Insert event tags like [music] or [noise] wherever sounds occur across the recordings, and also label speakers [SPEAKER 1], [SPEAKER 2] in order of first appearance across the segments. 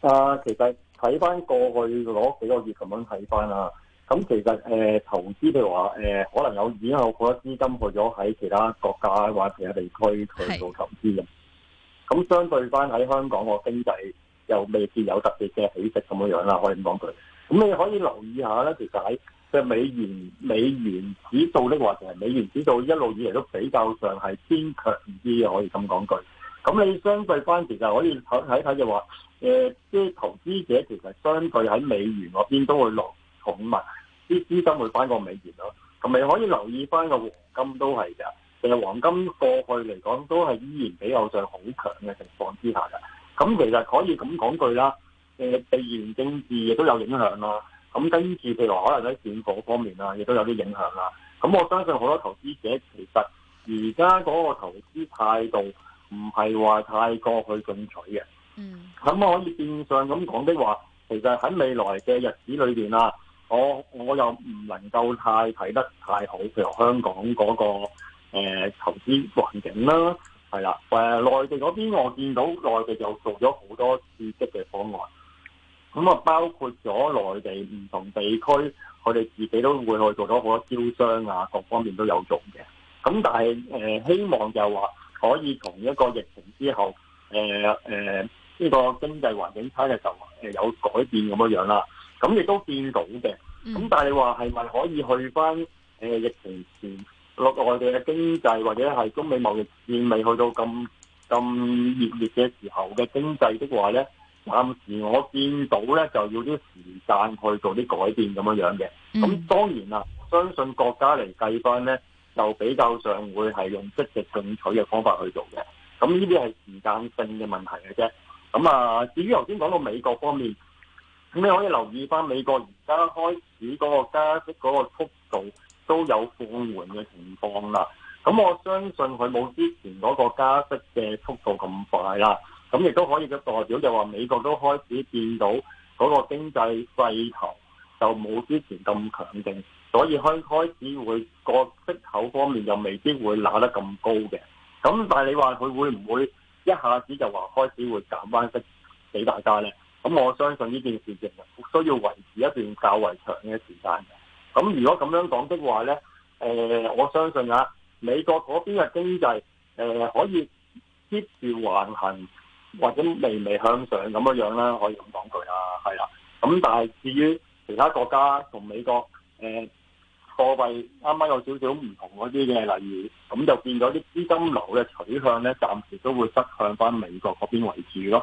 [SPEAKER 1] 啊，其實睇翻過去攞幾個月咁樣睇翻啊，咁其實誒、呃、投資譬如話誒、呃，可能有已經有好多資金去咗喺其他國家或者其他地區去做投資嘅。咁是相對翻喺香港個經濟又未必有特別嘅起色咁樣樣啦，可以咁講句。咁你可以留意一下咧，其實喺嘅美元美元指數呢個話題，美元指數一路以來都比較上係偏強啲嘅，可以咁講句。咁你相對翻，其實可以睇睇就話，即啲投資者其實相對喺美元嗰邊都會落重物，啲資金會翻過美元咯，同埋可以留意翻個黃金都係㗎，其實黃金過去嚟講都係依然比較上好強嘅情況之下嘅。咁其實可以咁講句啦，誒地緣政治亦都有影響啦。咁跟住譬如可能喺選火方面啊，亦都有啲影響啦。咁我相信好多投資者其實而家嗰個投資態度。唔係話太過去進取嘅，咁、嗯、可以變相咁講的話，其實喺未來嘅日子裏面啊，我我又唔能夠太睇得太好，譬如香港嗰、那個誒、呃、投資環境啦，係啦，誒、呃、內地嗰邊我見到內地又做咗好多刺激嘅方案，咁啊包括咗內地唔同地區，佢哋自己都會去做咗好多招商啊，各方面都有做嘅，咁但係誒、呃、希望就係話。可以同一個疫情之後，誒誒呢個經濟環境差嘅時候有改變咁樣樣啦，咁亦都見到嘅。咁但係你話係咪可以去翻誒疫情前落內地嘅經濟或者係中美貿易戰未去到咁咁熱烈嘅時候嘅經濟的話咧，暫時我見到咧就要啲時間去做啲改變咁樣樣嘅。咁當然啦，相信國家嚟計翻咧。就比較上會係用積極進取嘅方法去做嘅，咁呢啲係時間性嘅問題嘅啫。咁啊，至於頭先講到美國方面，咁你可以留意翻美國而家開始嗰個加息嗰個速度都有放緩嘅情況啦。咁我相信佢冇之前嗰個加息嘅速度咁快啦。咁亦都可以嘅代表就話美國都開始見到嗰個經濟勢頭就冇之前咁強勁。所以開開始會個息口方面又未必會拿得咁高嘅，咁但係你話佢會唔會一下子就話開始會減翻息俾大家咧？咁我相信呢件事情需要維持一段較為長嘅時間嘅。咁如果咁樣講的話咧，誒、呃、我相信啊，美國嗰邊嘅經濟誒、呃、可以 keep 住橫行或者微微向上咁樣樣啦，可以咁講佢啊，係啦。咁但係至於其他國家同美國誒、呃貨幣啱啱有少少唔同嗰啲嘅，例如咁就變咗啲資金流嘅取向咧，暫時都會側向翻美國嗰邊為主咯。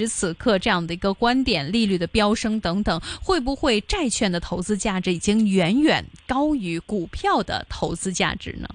[SPEAKER 2] 此刻這樣的一個觀點，利率的飆升等等，會不會債券的投資價值已經遠遠高於股票的投資價值呢？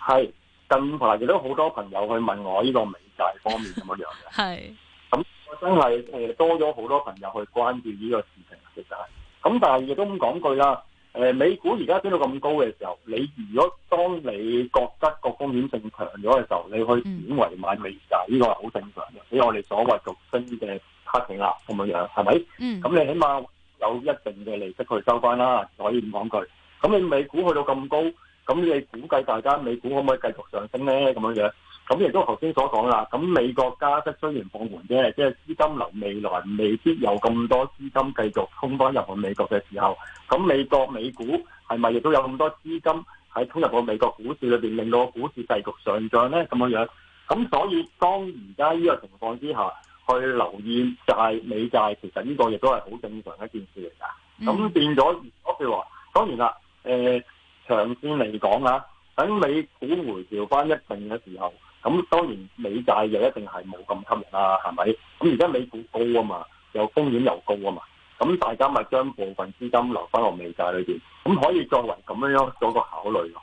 [SPEAKER 1] 係近排亦都好多朋友去問我呢個美債方面咁樣樣嘅，係
[SPEAKER 2] 咁
[SPEAKER 1] [laughs] 是、嗯、我真係誒多咗好多朋友去關注呢個事情，其實係咁但係亦都咁講句啦。誒美股而家升到咁高嘅時候，你如果當你覺得個風險性強咗嘅時候，你去轉為買美債，呢、這個係好正常的，嘅。喺我哋所謂做新嘅黑錢啦，咁樣樣係咪？咁你起碼有一定嘅利息去收翻啦，可以咁講句。咁你美股去到咁高，咁你估計大家美股可唔可以繼續上升咧？咁樣樣？咁亦都頭先所講啦，咁美國加息雖然放緩啫，即係資金流未來未必有咁多資金繼續衝翻入去美國嘅時候，咁美國美股係咪亦都有咁多資金喺衝入到美國股市裏邊令到個股市繼續上漲咧？咁樣樣，咁所以當而家呢個情況之下，去留意債美債，其實呢個亦都係好正常嘅一件事嚟㗎。咁變咗，如果譬如話，當然啦，誒長線嚟講啊，等美股回調翻一定嘅時候。咁當然美債又一定係冇咁吸引啦，係咪？咁而家美股高啊嘛，又風險又高啊嘛，咁大家咪將部分資金留翻落美債裏邊，咁可以作為咁樣樣嗰個考慮咯。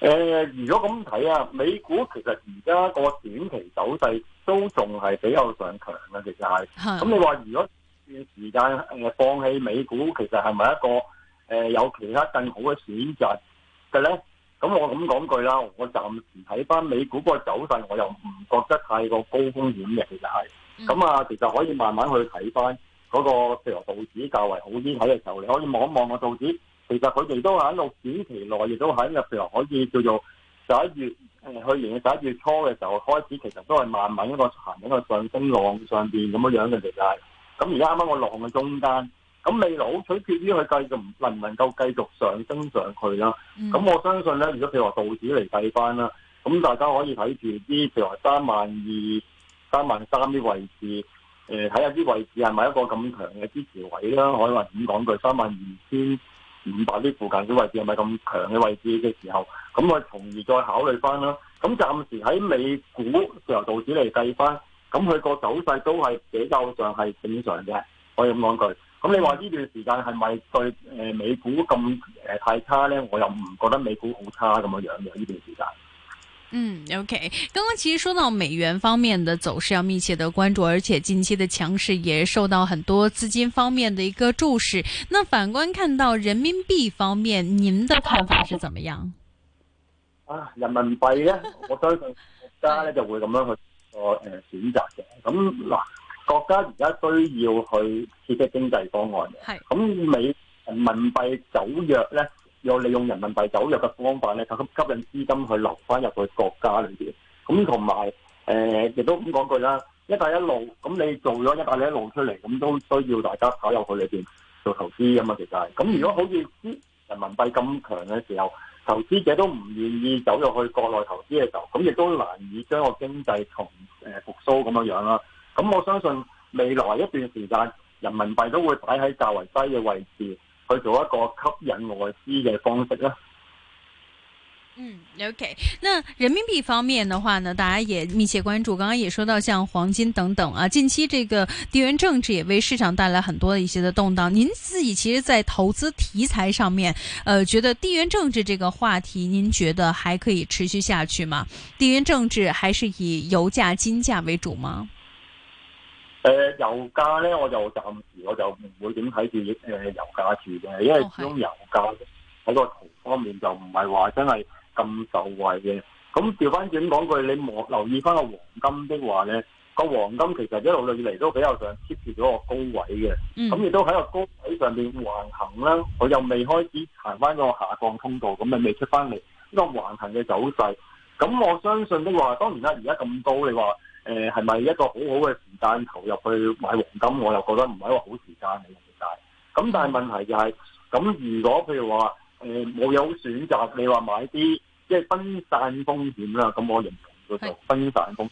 [SPEAKER 1] 誒、呃，如果咁睇啊，美股其實而家個短期走勢都仲係比較上強嘅，其實係。咁你話如果段時間誒放棄美股，其實係咪一個誒、呃、有其他更好嘅選擇嘅咧？咁我咁講句啦，我暫時睇翻美股嗰個走勢，我又唔覺得太過高風險嘅，其實係。咁啊，其實可以慢慢去睇翻嗰個譬如道指較為好啲睇嘅時候，你可以望一望個道指。其實佢哋都喺度，短期內，亦都喺，譬如可以叫做十一月誒，去年嘅十一月初嘅時候開始，其實都係慢慢一個行一個上升浪上邊咁樣樣嘅嚟嘅。咁而家啱啱個浪嘅中間，咁未來好取決於佢繼續能唔能夠繼續上升上去啦。咁我相信咧，如果譬如話道指嚟計翻啦，咁大家可以睇住啲譬如話三萬二、三萬三啲位置，誒睇下啲位置係咪一個咁強嘅支持位啦。可以話點講佢，三萬二千，五百啲附近啲位置係咪咁強嘅位置嘅時候，咁我從而再考慮翻啦。咁暫時喺美股由道指嚟計翻，咁佢個走勢都係比較上係正常嘅，可以咁講句。咁你話呢段時間係咪對呃美股咁、呃、太差咧？我又唔覺得美股好差咁樣樣嘅呢段時間。
[SPEAKER 2] 嗯，OK。剛剛其實說到美元方面的走勢要密切的關注，而且近期的強勢也受到很多資金方面的一個注視。那反觀看到人民幣方面，您的看法是怎麼樣？
[SPEAKER 1] 啊，人民幣呢，我相信國家呢 [laughs] 就會咁樣去個誒、呃、選擇嘅。咁、嗯、嗱、嗯，國家而家需要去刺激經濟方案嘅。係是。咁美人民幣走弱呢。我利用人民幣走入嘅方法咧，就吸引資金去流翻入去國家裏邊。咁同埋誒，亦都咁講句啦，一帶一路咁你做咗一帶一路出嚟，咁都需要大家投入去裏邊做投資咁嘛？其實。咁如果好似人民幣咁強嘅時候，投資者都唔願意走入去國內投資嘅時候，咁亦都難以將個經濟從誒復甦咁樣樣啦。咁我相信未來一段時間，人民幣都會擺喺較為低嘅位置。去
[SPEAKER 2] 做一個吸引外資嘅方式啦。嗯，OK，那人民幣方面的話呢，大家也密切關注。剛剛也說到，像黃金等等啊，近期這個地緣政治也為市場帶來很多的一些的動盪。您自己其實，在投資題材上面，呃，覺得地緣政治這個話題，您覺得還可以持續下去嗎？地緣政治還是以油價、金價為主嗎？
[SPEAKER 1] 誒，油價咧，我就暫時我就唔會點睇住誒油價住嘅，因為始終油價喺個圖方面就唔係話真係咁受惠嘅。咁調翻轉講句，你冇留意翻個黃金的話咧，個黃金其實一路以嚟都比較上貼住嗰個高位嘅，咁亦都喺個高位上邊橫行啦。我又未開始行翻個下降通道，咁你未出翻嚟，呢個橫行嘅走勢。咁我相信的話，當然啦，而家咁高，你話？誒係咪一個好好嘅時間投入去買黃金？我又覺得唔係一個好時間嚟嘅，但係咁，但係問題就係咁，如果譬如話誒冇有選擇，你話買啲即係分散風險啦，咁我認同叫做分散風險。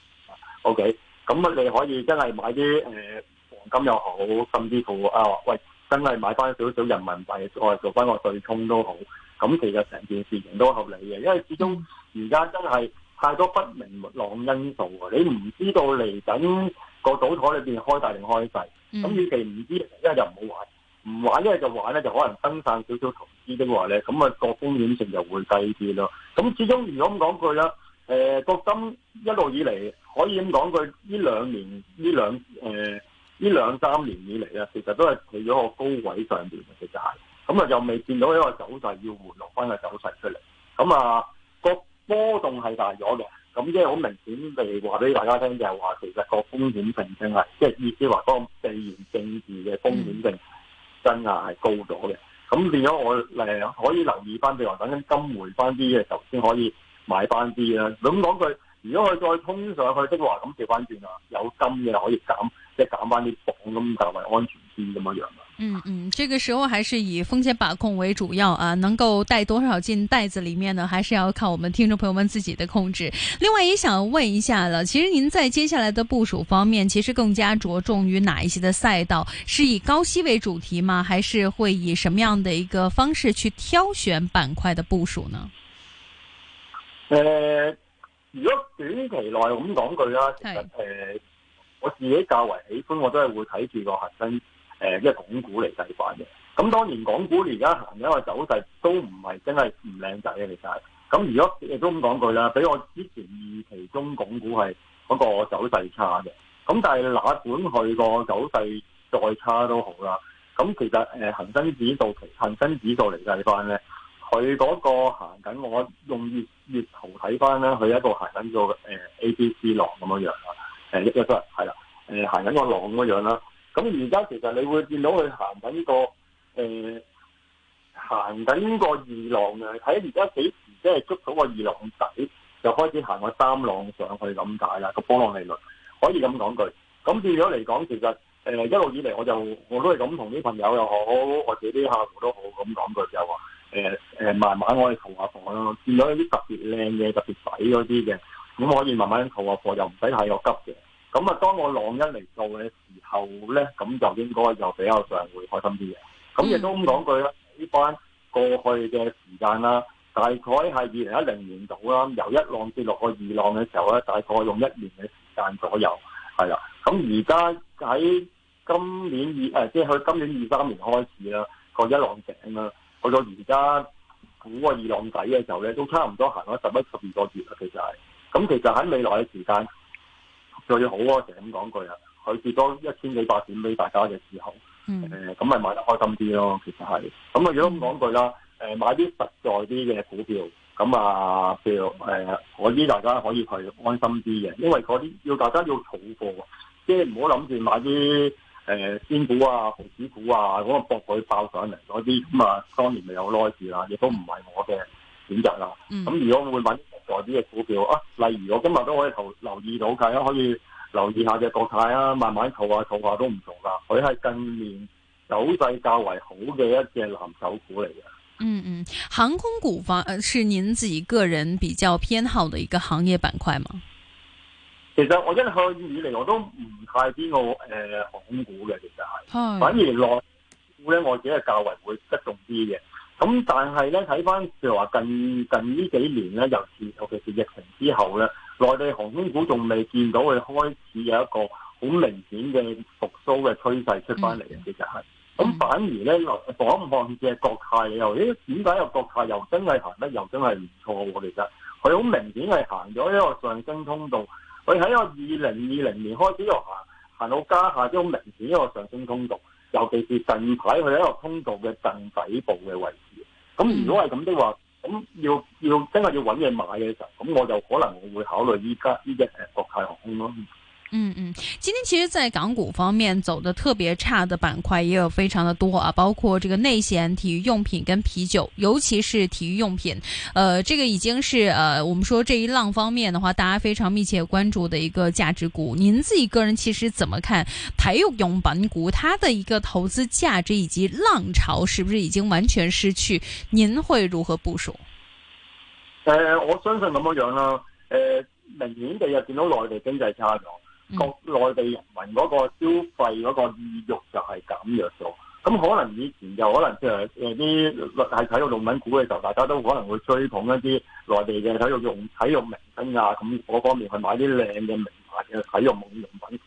[SPEAKER 1] OK。咁啊，你可以真係買啲誒黃金又好，甚至乎啊，喂，真係買翻少少人民幣，再做翻個對沖都好。咁其實成件事情都合理嘅，因為始終而家真係，太多不明朗因素啊，你唔知道嚟緊個賭台裏邊開大定開細？咁與、嗯、其唔知，一係就唔好玩，唔玩一係就玩咧，就可能分散少，少少投資的話咧，咁啊，個風險性就會低啲咯。咁始終如果咁講句啦，誒、呃，國金一路以嚟可以咁講句，呢兩年呢兩誒呢兩三年以嚟咧，其實都係去咗個高位上邊嘅，其實係咁啊，又未見到一個走勢要回落翻個走勢出嚟，咁啊。波動係大咗嘅，咁即係好明顯地話俾大家聽，就係話其實個風險性係、真係，即係意思話嗰個地緣政治嘅風險性真啊係高咗嘅。咁變咗我誒可以留意翻，譬如話等緊金回翻啲嘅時候先可以買翻啲啦。咁講句，如果佢再衝上去的話，即係話咁調翻轉啦，有金嘅可以減。即係減翻啲磅咁，較為安全啲咁樣
[SPEAKER 2] 樣。嗯嗯，這個時候還是以風險把控為主要啊，能夠帶多少進袋子裏面呢？還是要靠我們聽眾朋友們自己的控制。另外，也想問一下啦，其實您在接下來的部署方面，其實更加着重於哪一些的賽道？是以高息為主題嗎？還是會以什麼樣的一個方式去挑選板塊的部署呢？誒、呃，如果短
[SPEAKER 1] 期內咁講句啦、啊，其實誒。我自己較為喜歡，我都係會睇住個恒生誒，即係港股嚟計翻嘅。咁當然港股而家行嘅一個走勢都唔係真係唔靚仔嘅，其實。咁如果亦都咁講句啦，比我之前預期中港股係嗰個走勢差嘅。咁但係哪管佢個走勢再差都好啦。咁其實誒恆生指數，同恒生指數嚟計翻咧，佢嗰個行緊，我用月月圖睇翻咧，佢一個行緊個誒 A B C 浪咁樣樣一係啦，誒行緊個浪咁樣啦，咁而家其實你會見到佢行緊個誒行緊個二浪嘅，喺而家幾時即係捉到個二浪底，就開始行個三浪上去咁解啦。個波浪利率可以咁講句，咁變咗嚟講，其實誒、呃、一路以嚟我就我都係咁同啲朋友又好，或者啲客戶都好咁講句就話，誒誒、呃呃、慢慢我哋套下貨啦，見到有啲特別靚嘅、特別抵嗰啲嘅，咁可以慢慢套下貨，又唔使太過急嘅。咁啊，當我浪一嚟到嘅時候咧，咁就應該就比較上會開心啲嘅。咁亦都咁講句啦，呢班過去嘅時間啦，大概係二零一零年度啦，由一浪跌落去二浪嘅時候咧，大概用一年嘅時間左右，係啦。咁而家喺今年二誒，即係去今年二三年開始啦，個一浪頂啦，去到而家估個二浪底嘅時候咧，都差唔多行咗十一十二個月啦，其實係。咁其實喺未來嘅時間。最好啊！成日咁講句啊，佢跌多一千幾百點俾大家嘅時候，誒咁咪買得開心啲咯。其實係咁啊，如果咁講句啦，誒、呃、買啲實在啲嘅股票，咁啊，譬如誒，我啲大家可以去安心啲嘅，因為嗰啲要大家要儲貨，即係唔好諗住買啲誒仙股啊、紅股股啊，嗰、那個博佢爆上嚟嗰啲，咁啊、mm. 嗯，當年咪有虧蝕啦，亦都唔係我嘅。選擇啦，咁如果會揾外大啲嘅股票啊，例如我今日都可以留留意到嘅，可以留意下隻國泰啊，慢慢套下套下都唔同啦。佢係近年走勢較為好嘅一隻藍籌股嚟嘅。嗯
[SPEAKER 2] 嗯，航空股方是您自己個人比較偏好的一個行業板塊嘛？
[SPEAKER 1] 其實我一向以嚟我都唔太知道誒航空股嘅，其實係，反而內股咧，我自己係較為會側重啲嘅。咁但係咧睇翻，就話近近呢幾年咧，尤其尤其是疫情之後咧，內地航空股仲未見到佢開始有一個好明顯嘅復甦嘅趨勢出翻嚟嘅，其實係。咁、嗯、反而咧，望一望嘅國泰又，咦？點解個國泰又真係行得又真係唔錯，啊？其實佢好明顯係行咗一個上升通道。佢喺個二零二零年開始又行，行到家下都好明顯一個上升通道。尤其是近排佢喺一個通道嘅近底部嘅位置，咁如果係咁都係話，咁要要真係要揾嘢買嘅時候，咁我就可能我會考慮依家呢隻誒國泰航空咯。
[SPEAKER 2] 嗯嗯，今天其實，在港股方面走的特別差的板塊也有非常的多啊，包括這個內險、體育用品跟啤酒，尤其是體育用品，呃，這個已經是呃，我們說這一浪方面的話，大家非常密切關注的一個價值股。您自己個人其實怎麼看體育用品股它的一個投資價值以及浪潮是不是已經完全失去？您會如何部署？呃，我
[SPEAKER 1] 相信咁樣啦？呃，明顯地又見到內地經濟差咗。國內、嗯、地人民嗰個消費嗰個意欲就係減弱咗，咁可能以前就可能即係誒啲係體育用品股嘅時候，大家都可能會追捧一啲內地嘅體育用體育明星啊，咁嗰方面去買啲靚嘅名牌嘅體育用品。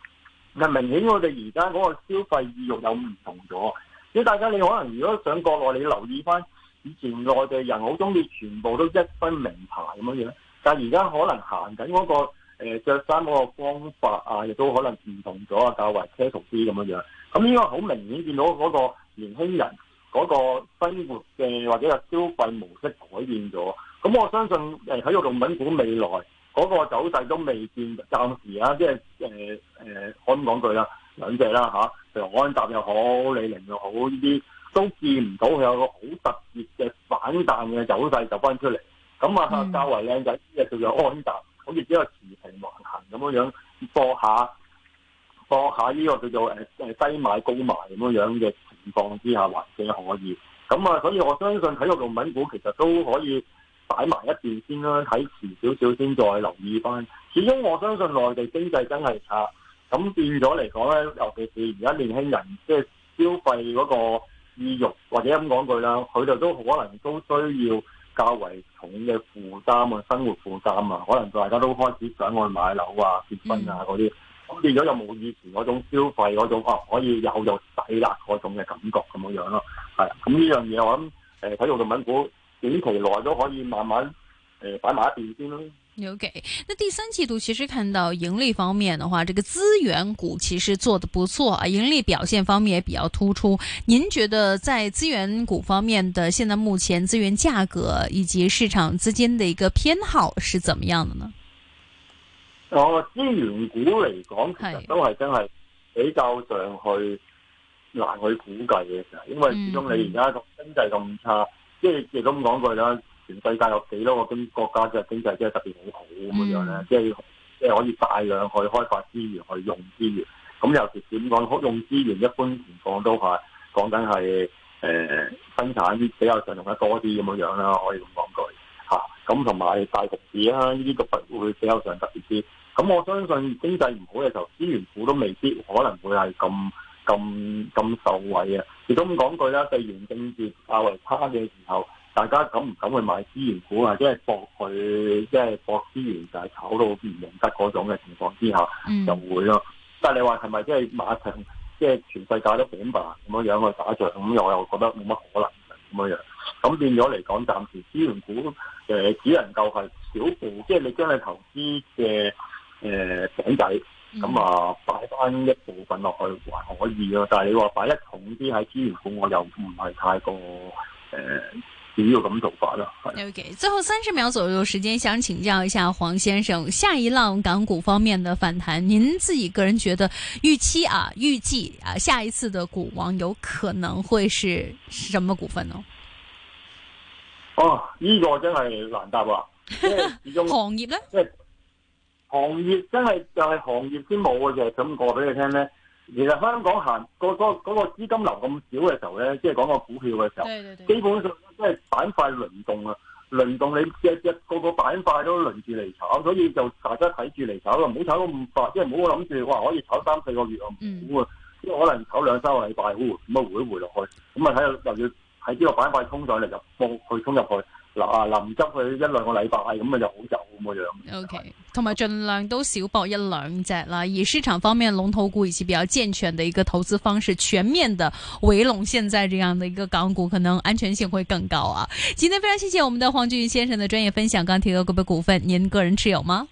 [SPEAKER 1] 但明顯我哋而家嗰個消費意欲有唔同咗，即大家你可能如果上國內你留意翻以前內地人好中意全部都一分名牌咁樣樣，但係而家可能行緊嗰個。誒著衫嗰個方法啊，亦都可能唔同咗啊，較為奢俗啲咁樣樣。咁應該好明顯見到嗰個年輕人嗰個生活嘅或者係消費模式改變咗。咁我相信喺度龍文股未來嗰、那個走勢都未見暫時、呃呃、可啊，即係誒誒，我講句啦，兩隻啦嚇，譬如安踏又好，李寧又好，呢啲都見唔到佢有個好特別嘅反彈嘅走勢就返出嚟。咁啊，嗯、較為靚仔啲嘅叫做安踏。好似只有持平橫行咁樣樣，放下放下呢個叫做誒誒低買高賣咁樣樣嘅情況之下，還算可以。咁啊，所以我相信喺個農民股其實都可以擺埋一邊先啦，睇遲少少先再留意返。始終我相信內地經濟真係差，咁變咗嚟講咧，尤其是而家年輕人，即係消費嗰個意欲或者咁講句啦，佢哋都可能都需要。較為重嘅負擔啊，生活負擔啊，可能大家都開始想我去買樓啊、結婚啊嗰啲，咁變咗有冇以前嗰種消費嗰種啊，可以有就抵啦嗰種嘅感覺咁樣、啊、的這樣咯，係、呃，咁呢樣嘢我諗，誒體育用品股短期內都可以慢慢誒擺埋一邊先咯、啊。
[SPEAKER 2] 留給、okay. 那第三季度，其實看到盈利方面的話，這個資源股其實做得不錯啊，盈利表現方面也比較突出。您覺得在資源股方面的，現在目前資源價格以及市場資金的一個偏好是怎麼樣的呢？
[SPEAKER 1] 我資源股嚟講，其實都係真係比較上去難去估計嘅，其實因為始終你而家個經濟咁差，即係亦咁講句啦。全世界有幾多個經國家嘅經濟真係特別好好咁樣咧，即係即係可以大量去開發資源去用資源。咁尤其點講？用資源一般情況都係講緊係誒生產啲比較上用得多啲咁樣樣啦。可以咁講句嚇。咁同埋大國市啊，呢啲局會比較上特別啲。咁、嗯、我相信經濟唔好嘅時候，資源股都未必可能會係咁咁咁受惠啊。亦都咁講句啦，地緣政治較為差嘅時候。大家敢唔敢去買資源股啊？即係博佢，即係博資源，就係炒到唔認得嗰種嘅情況之下，嗯、就會咯、啊。但係你話係咪即係馬上即係、就是、全世界都短霸咁樣樣去打仗？咁我又覺得冇乜可能咁、啊、樣樣。咁變咗嚟講，暫時資源股只能夠係小部分即係你將你投資嘅誒餅仔咁啊，擺翻一部分落去還可以咯、啊。但係你話擺得重啲喺資源股，我又唔係太過誒。呃要
[SPEAKER 2] 咁做法啦。OK，最後三十秒左右時間，想請教一下黃先生，下一浪港股方面嘅反彈，您自己個人覺得預期啊，預計啊，下一次的股王有可能會是什麼股份呢？哦，
[SPEAKER 1] 呢個真係難答啊！ [laughs] 即係始終行業咧，即係行業真係就係行業先冇嘅就啫。咁講俾你聽咧，其實香港行嗰嗰嗰個資金流咁少嘅時候咧，即係講個股票嘅時候，對對對基本上。因係板塊輪動啊，輪動你一一個個板塊都輪住嚟炒，所以就大家睇住嚟炒咯，唔好炒到咁快，即係唔好諗住哇可以炒三四個月啊唔估啊，因為可能炒兩三個禮拜，會咁啊回回落去，咁啊睇下又要喺呢個板塊衝上嚟入波去衝入去，嗱啊臨執佢一兩個禮拜，咁啊就好走。
[SPEAKER 2] O.K.，嗯、同埋盡量都少博一兩隻啦，以市場方面龍頭股以及比較健全的一個投資方式，全面的圍攏現在這樣的一個港股，可能安全性會更高啊！今天非常謝謝我們的黃竣渝先生的專業分享。剛提到各位股份，您個人持有嗎？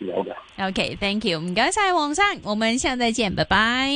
[SPEAKER 2] 有嘅、嗯。O.K.，Thank you、okay，唔該晒黃生，我們下次再見，拜拜。